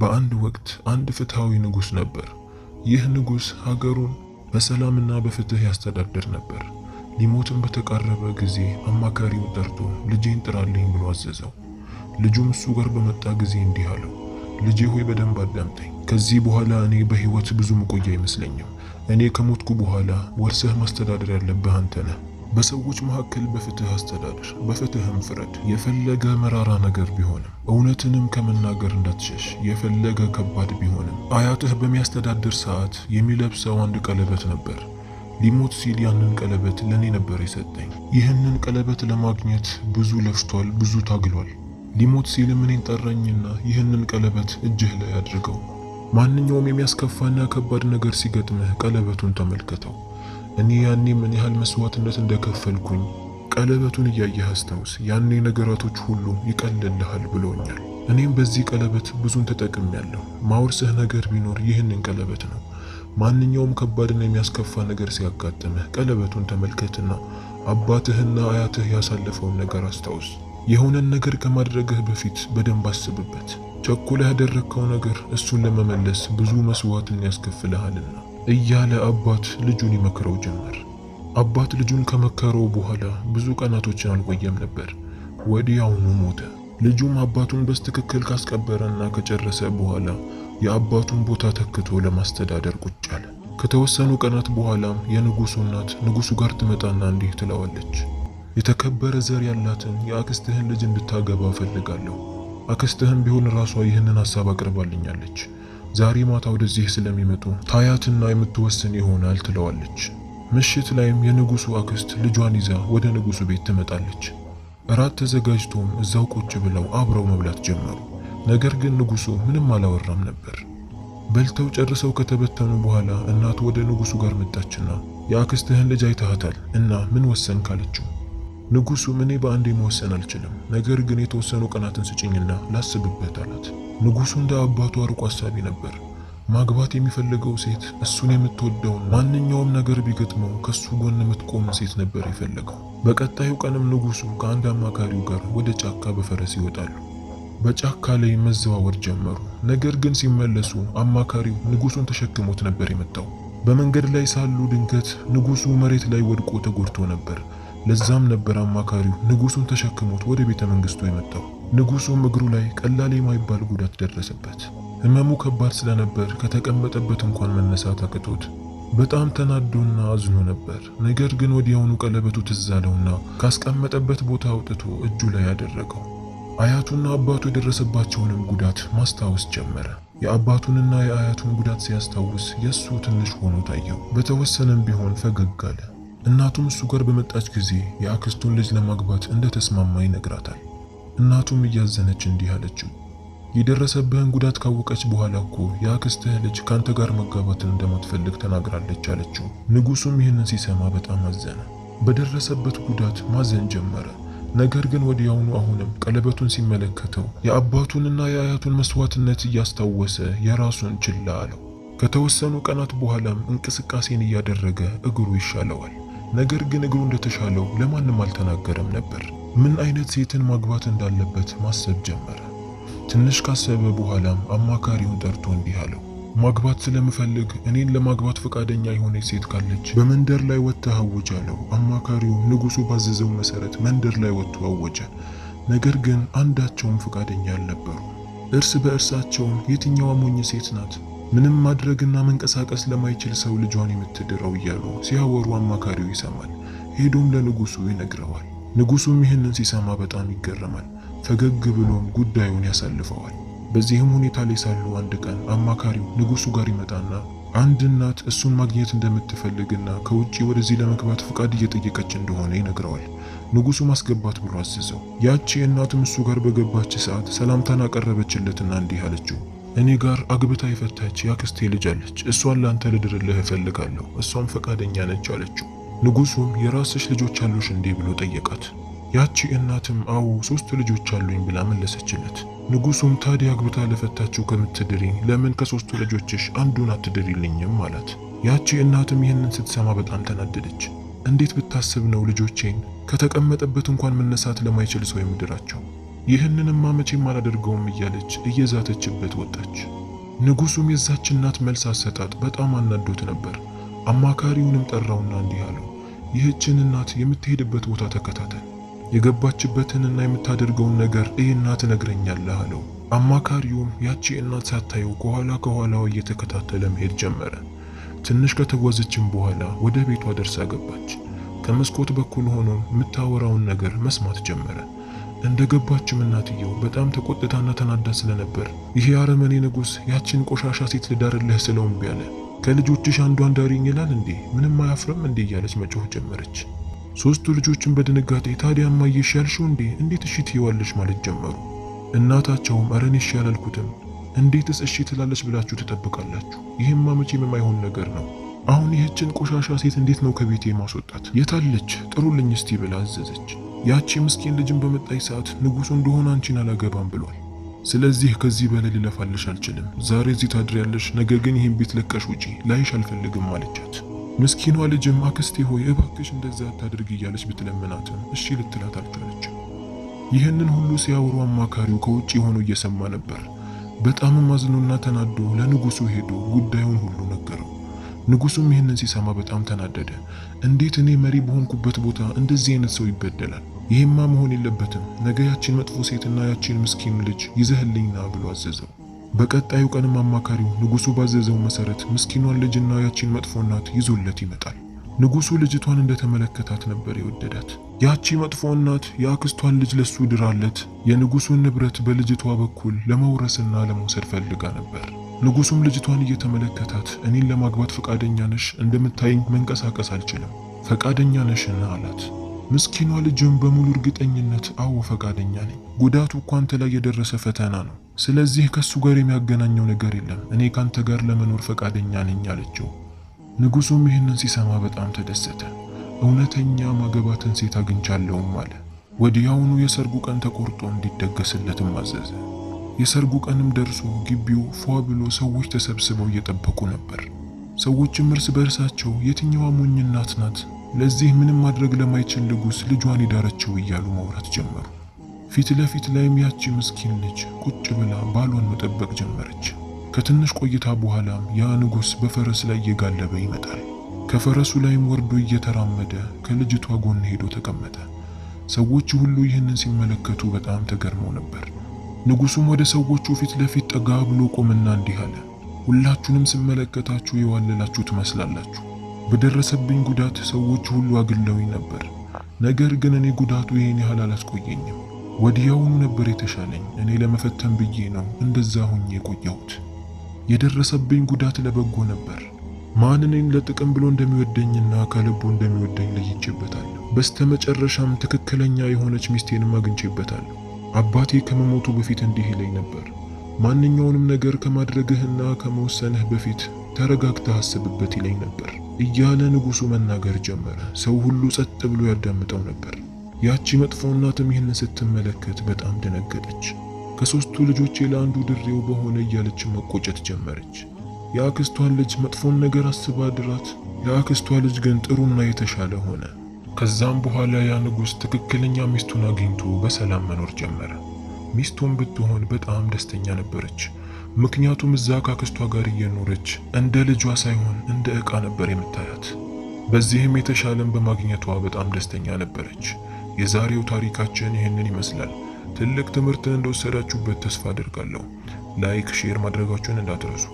በአንድ ወቅት አንድ ፍትሃዊ ንጉስ ነበር። ይህ ንጉስ ሀገሩን በሰላምና በፍትህ ያስተዳድር ነበር። ሊሞትም በተቃረበ ጊዜ አማካሪውን ጠርቶ ልጄን ጥራልኝ ብሎ አዘዘው። ልጁም እሱ ጋር በመጣ ጊዜ እንዲህ አለው፣ ልጄ ሆይ በደንብ አዳምጠኝ። ከዚህ በኋላ እኔ በህይወት ብዙ መቆያ አይመስለኝም። እኔ ከሞትኩ በኋላ ወርሰህ ማስተዳደር ያለብህ አንተ ነህ። በሰዎች መካከል በፍትህ አስተዳደር በፍትህም ፍረድ። የፈለገ መራራ ነገር ቢሆንም እውነትንም ከመናገር እንዳትሸሽ፣ የፈለገ ከባድ ቢሆንም። አያትህ በሚያስተዳድር ሰዓት የሚለብሰው አንድ ቀለበት ነበር። ሊሞት ሲል ያንን ቀለበት ለእኔ ነበር የሰጠኝ። ይህንን ቀለበት ለማግኘት ብዙ ለፍቷል፣ ብዙ ታግሏል። ሊሞት ሲል እኔን ጠራኝና ይህንን ቀለበት እጅህ ላይ አድርገው፣ ማንኛውም የሚያስከፋና ከባድ ነገር ሲገጥምህ ቀለበቱን ተመልከተው እኔ ያኔ ምን ያህል መስዋዕትነት እንደከፈልኩኝ ቀለበቱን እያየህ አስታውስ፣ ያኔ ነገራቶች ሁሉ ይቀልልሃል ብሎኛል። እኔም በዚህ ቀለበት ብዙን ተጠቅሜያለሁ። ማውርስህ ነገር ቢኖር ይህንን ቀለበት ነው። ማንኛውም ከባድና የሚያስከፋ ነገር ሲያጋጥምህ ቀለበቱን ተመልከትና አባትህና አያትህ ያሳለፈውን ነገር አስታውስ። የሆነን ነገር ከማድረግህ በፊት በደንብ አስብበት። ቸኩለህ ያደረግከው ነገር እሱን ለመመለስ ብዙ መስዋዕትን ያስከፍልሃልና። እያለ አባት ልጁን ይመክረው ጀመር። አባት ልጁን ከመከረው በኋላ ብዙ ቀናቶችን አልቆየም ነበር፣ ወዲያውኑ ሞተ። ልጁም አባቱን በስትክክል ካስቀበረና ከጨረሰ በኋላ የአባቱን ቦታ ተክቶ ለማስተዳደር ቁጭ አለ። ከተወሰኑ ቀናት በኋላም የንጉሱ እናት ንጉሱ ጋር ትመጣና እንዲህ ትለዋለች፣ የተከበረ ዘር ያላትን የአክስትህን ልጅ እንድታገባ እፈልጋለሁ። አክስትህም ቢሆን ራሷ ይህንን ሀሳብ አቅርባልኛለች ዛሬ ማታ ወደዚህ ስለሚመጡ ታያትና የምትወስን ይሆናል ትለዋለች። ምሽት ላይም የንጉሱ አክስት ልጇን ይዛ ወደ ንጉሱ ቤት ትመጣለች። እራት ተዘጋጅቶም እዛው ቁጭ ብለው አብረው መብላት ጀመሩ። ነገር ግን ንጉሱ ምንም አላወራም ነበር። በልተው ጨርሰው ከተበተኑ በኋላ እናቱ ወደ ንጉሱ ጋር መጣችና የአክስትህን ልጅ አይተሃታል እና ምን ወሰን ካለችው፣ ንጉሱ እኔ በአንዴ መወሰን አልችልም፣ ነገር ግን የተወሰኑ ቀናትን ስጭኝና ላስብበት አላት። ንጉሱ እንደ አባቱ አርቆ አሳቢ ነበር። ማግባት የሚፈልገው ሴት እሱን የምትወደውን ማንኛውም ነገር ቢገጥመው ከሱ ጎን የምትቆም ሴት ነበር የፈለገው። በቀጣዩ ቀንም ንጉሱ ከአንድ አማካሪው ጋር ወደ ጫካ በፈረስ ይወጣሉ። በጫካ ላይ መዘዋወር ጀመሩ። ነገር ግን ሲመለሱ አማካሪው ንጉሱን ተሸክሞት ነበር የመጣው። በመንገድ ላይ ሳሉ ድንገት ንጉሱ መሬት ላይ ወድቆ ተጎድቶ ነበር። ለዛም ነበር አማካሪው ንጉሱን ተሸክሞት ወደ ቤተ መንግስቱ የመጣው። ንጉሱም እግሩ ላይ ቀላል የማይባል ጉዳት ደረሰበት። ህመሙ ከባድ ስለነበር ከተቀመጠበት እንኳን መነሳት አቅቶት በጣም ተናዶና አዝኖ ነበር። ነገር ግን ወዲያውኑ ቀለበቱ ትዝ አለውና ካስቀመጠበት ቦታ አውጥቶ እጁ ላይ አደረገው። አያቱና አባቱ የደረሰባቸውንም ጉዳት ማስታወስ ጀመረ። የአባቱንና የአያቱን ጉዳት ሲያስታውስ የእሱ ትንሽ ሆኖ ታየው። በተወሰነም ቢሆን ፈገግ አለ። እናቱም እሱ ጋር በመጣች ጊዜ የአክስቱን ልጅ ለማግባት እንደተስማማ ይነግራታል። እናቱም እያዘነች እንዲህ አለችው፣ የደረሰብህን ጉዳት ካወቀች በኋላ እኮ የአክስትህ ልጅ ከአንተ ጋር መጋባትን እንደማትፈልግ ተናግራለች አለችው። ንጉሱም ይህንን ሲሰማ በጣም አዘነ። በደረሰበት ጉዳት ማዘን ጀመረ። ነገር ግን ወዲያውኑ አሁንም ቀለበቱን ሲመለከተው የአባቱንና የአያቱን መስዋዕትነት እያስታወሰ የራሱን ችላ አለው። ከተወሰኑ ቀናት በኋላም እንቅስቃሴን እያደረገ እግሩ ይሻለዋል። ነገር ግን እግሩ እንደተሻለው ለማንም አልተናገረም ነበር። ምን አይነት ሴትን ማግባት እንዳለበት ማሰብ ጀመረ። ትንሽ ካሰበ በኋላም አማካሪውን ጠርቶ እንዲህ አለው፣ ማግባት ስለምፈልግ እኔን ለማግባት ፈቃደኛ የሆነች ሴት ካለች በመንደር ላይ ወጥተህ አውጅ አለው። አማካሪው ንጉሱ ባዘዘው መሰረት መንደር ላይ ወጥቶ አወጀ። ነገር ግን አንዳቸውም ፈቃደኛ አልነበሩ። እርስ በእርሳቸውም የትኛዋ ሞኝ ሴት ናት ምንም ማድረግና መንቀሳቀስ ለማይችል ሰው ልጇን የምትድረው እያሉ ሲያወሩ አማካሪው ይሰማል። ሄዶም ለንጉሱ ይነግረዋል። ንጉሱም ይህንን ሲሰማ በጣም ይገረማል። ፈገግ ብሎም ጉዳዩን ያሳልፈዋል። በዚህም ሁኔታ ላይ ሳሉ አንድ ቀን አማካሪው ንጉሱ ጋር ይመጣና አንድ እናት እሱን ማግኘት እንደምትፈልግና ከውጪ ወደዚህ ለመግባት ፍቃድ እየጠየቀች እንደሆነ ይነግረዋል። ንጉሱ ማስገባት ብሎ አዘዘው። ያቺ እናትም እሱ ጋር በገባች ሰዓት ሰላምታን አቀረበችለትና እንዲህ አለችው፣ እኔ ጋር አግብታ የፈታች ያክስቴ ልጅ አለች። እሷን ላንተ ልድርልህ እፈልጋለሁ። እሷም ፈቃደኛ ነች አለችው። ንጉሱም የራስሽ ልጆች አሉሽ እንዴ ብሎ ጠየቃት። ያቺ እናትም አዎ ሶስት ልጆች አሉኝ ብላ መለሰችለት። ንጉሱም ታዲያ አግብታ ለፈታችሁ ከምትድሪኝ ለምን ከሶስቱ ልጆችሽ አንዱን አትድሪልኝም አላት። ያቺ እናትም ይህንን ስትሰማ በጣም ተናደደች። እንዴት ብታስብ ነው ልጆቼን ከተቀመጠበት እንኳን መነሳት ለማይችል ሰው የምድራቸው? ይህንንማ መቼም አላደርገውም እያለች እየዛተችበት ወጣች። ንጉሱም የዛች እናት መልስ አሰጣጥ በጣም አናዶት ነበር። አማካሪውንም ጠራውና እንዲህ አለው፣ ይህችን እናት የምትሄድበት ቦታ ተከታተል፣ የገባችበትንና የምታደርገውን ነገር እይና ትነግረኛለህ አለው። አማካሪውም ያቺ እናት ሳታየው ከኋላ ከኋላዋ እየተከታተለ መሄድ ጀመረ። ትንሽ ከተጓዘችም በኋላ ወደ ቤቷ ደርሳ ገባች። ከመስኮት በኩል ሆኖ የምታወራውን ነገር መስማት ጀመረ። እንደ ገባችም እናትየው በጣም ተቆጥታና ተናዳ ስለነበር ይሄ አረመኔ ንጉሥ ያችን ቆሻሻ ሴት ልዳርልህ ስለው እምቢ ከልጆችሽ አንዷን ዳሪኝ ይላል እንዴ? ምንም አያፍርም እንዴ? እያለች መጮህ ጀመረች። ሶስቱ ልጆችን በድንጋጤ ታዲያ እማዬ እሺ ያልሽው እንዴ? እንዴት እሺ ትይዋለሽ ማለት ጀመሩ። እናታቸውም ኧረ እኔ እሺ ያላልኩትም እንዴትስ እሺ ትላለች ብላችሁ ትጠብቃላችሁ? ይህማ መቼም የማይሆን ነገር ነው። አሁን ይህችን ቆሻሻ ሴት እንዴት ነው ከቤቴ ማስወጣት? የታለች ጥሩልኝ እስቲ ብላ አዘዘች። ያቺ ምስኪን ልጅን በመጣይ ሰዓት ንጉሱ እንደሆነ አንቺን አላገባም ብሏል ስለዚህ ከዚህ በላይ ሊለፋልሽ አልችልም። ዛሬ እዚህ ታድሪያለሽ፣ ነገ ግን ይህን ቤት ለቀሽ ውጪ፣ ላይሽ አልፈልግም አለቻት። ምስኪኗ ልጅም አክስቴ ሆይ እባክሽ እንደዛ አታድርግ እያለች ብትለምናትም እሺ ልትላት አልቻለች። ይህንን ሁሉ ሲያወሩ አማካሪው ከውጭ ሆኖ እየሰማ ነበር። በጣምም አዝኖና ተናዶ ለንጉሱ ሄዶ ጉዳዩን ሁሉ ነገረው። ንጉሱም ይህንን ሲሰማ በጣም ተናደደ። እንዴት እኔ መሪ በሆንኩበት ቦታ እንደዚህ አይነት ሰው ይበደላል? ይሄማ መሆን የለበትም። ነገ ያቺን መጥፎ ሴትና ያቺን ምስኪን ልጅ ይዘህልኝና ብሎ አዘዘው። በቀጣዩ ቀንም አማካሪው ንጉሱ ባዘዘው መሰረት ምስኪኗን ልጅና ያቺን መጥፎ እናት ይዞለት ይመጣል። ንጉሱ ልጅቷን እንደተመለከታት ነበር የወደዳት። ያቺ መጥፎ እናት የአክስቷን ልጅ ለሱ ድራለት የንጉሱን ንብረት በልጅቷ በኩል ለመውረስና ለመውሰድ ፈልጋ ነበር። ንጉሱም ልጅቷን እየተመለከታት እኔን ለማግባት ፈቃደኛ ነሽ? እንደምታይኝ መንቀሳቀስ አልችልም፣ ፈቃደኛ ነሽና አላት። ምስኪኗ ልጅም በሙሉ እርግጠኝነት አዎ ፈቃደኛ ነኝ፣ ጉዳቱ እኮ አንተ ላይ የደረሰ ፈተና ነው። ስለዚህ ከሱ ጋር የሚያገናኘው ነገር የለም፣ እኔ ካንተ ጋር ለመኖር ፈቃደኛ ነኝ አለችው። ንጉሱም ይህንን ሲሰማ በጣም ተደሰተ። እውነተኛ ማገባትን ሴት አግኝቻለሁም አለ። ወዲያውኑ የሰርጉ ቀን ተቆርጦ እንዲደገስለትም አዘዘ። የሰርጉ ቀንም ደርሶ ግቢው ፏ ብሎ ሰዎች ተሰብስበው እየጠበቁ ነበር። ሰዎችም እርስ በእርሳቸው የትኛዋ ሞኝ እናት ናት ለዚህ ምንም ማድረግ ለማይችል ንጉሥ ልጇን ይዳረችው እያሉ ማውራት ጀመሩ። ፊት ለፊት ላይም ያቺ ምስኪን ልጅ ቁጭ ብላ ባሏን መጠበቅ ጀመረች። ከትንሽ ቆይታ በኋላም ያ ንጉሥ በፈረስ ላይ እየጋለበ ይመጣል። ከፈረሱ ላይም ወርዶ እየተራመደ ከልጅቷ ጎን ሄዶ ተቀመጠ። ሰዎች ሁሉ ይህንን ሲመለከቱ በጣም ተገርመው ነበር። ንጉሱም ወደ ሰዎቹ ፊት ለፊት ጠጋ ብሎ ቆመና እንዲህ አለ። ሁላችሁንም ስመለከታችሁ የዋለላችሁ ትመስላላችሁ። በደረሰብኝ ጉዳት ሰዎች ሁሉ አግለውኝ ነበር። ነገር ግን እኔ ጉዳቱ ይሄን ያህል አላስቆየኝም። ወዲያውኑ ነበር የተሻለኝ። እኔ ለመፈተን ብዬ ነው እንደዛ ሆኜ የቆየሁት። የደረሰብኝ ጉዳት ለበጎ ነበር። ማን እኔን ለጥቅም ብሎ እንደሚወደኝና ከልቡ እንደሚወደኝ ለይቼበታለሁ። በስተመጨረሻም ትክክለኛ የሆነች ሚስቴንም አግኝቼበታለሁ። አባቴ ከመሞቱ በፊት እንዲህ ይለኝ ነበር፣ ማንኛውንም ነገር ከማድረግህና ከመወሰንህ በፊት ተረጋግተህ አስብበት ይለኝ ነበር እያለ ንጉሡ መናገር ጀመረ። ሰው ሁሉ ጸጥ ብሎ ያዳምጠው ነበር። ያቺ መጥፎ እናትም ይህንን ስትመለከት በጣም ደነገጠች። ከሦስቱ ልጆቼ ለአንዱ ድሬው በሆነ እያለች መቆጨት ጀመረች። የአክስቷን ልጅ መጥፎን ነገር አስባ ድራት፣ የአክስቷ ልጅ ግን ጥሩና የተሻለ ሆነ። ከዛም በኋላ ያ ንጉሥ ትክክለኛ ሚስቱን አግኝቶ በሰላም መኖር ጀመረ። ሚስቱን ብትሆን በጣም ደስተኛ ነበረች። ምክንያቱም እዛ ካክስቷ ጋር እየኖረች እንደ ልጇ ሳይሆን እንደ ዕቃ ነበር የምታያት። በዚህም የተሻለን በማግኘቷ በጣም ደስተኛ ነበረች። የዛሬው ታሪካችን ይህንን ይመስላል። ትልቅ ትምህርትን እንደወሰዳችሁበት ተስፋ አደርጋለሁ። ላይክ፣ ሼር ማድረጋችሁን እንዳትረሱ።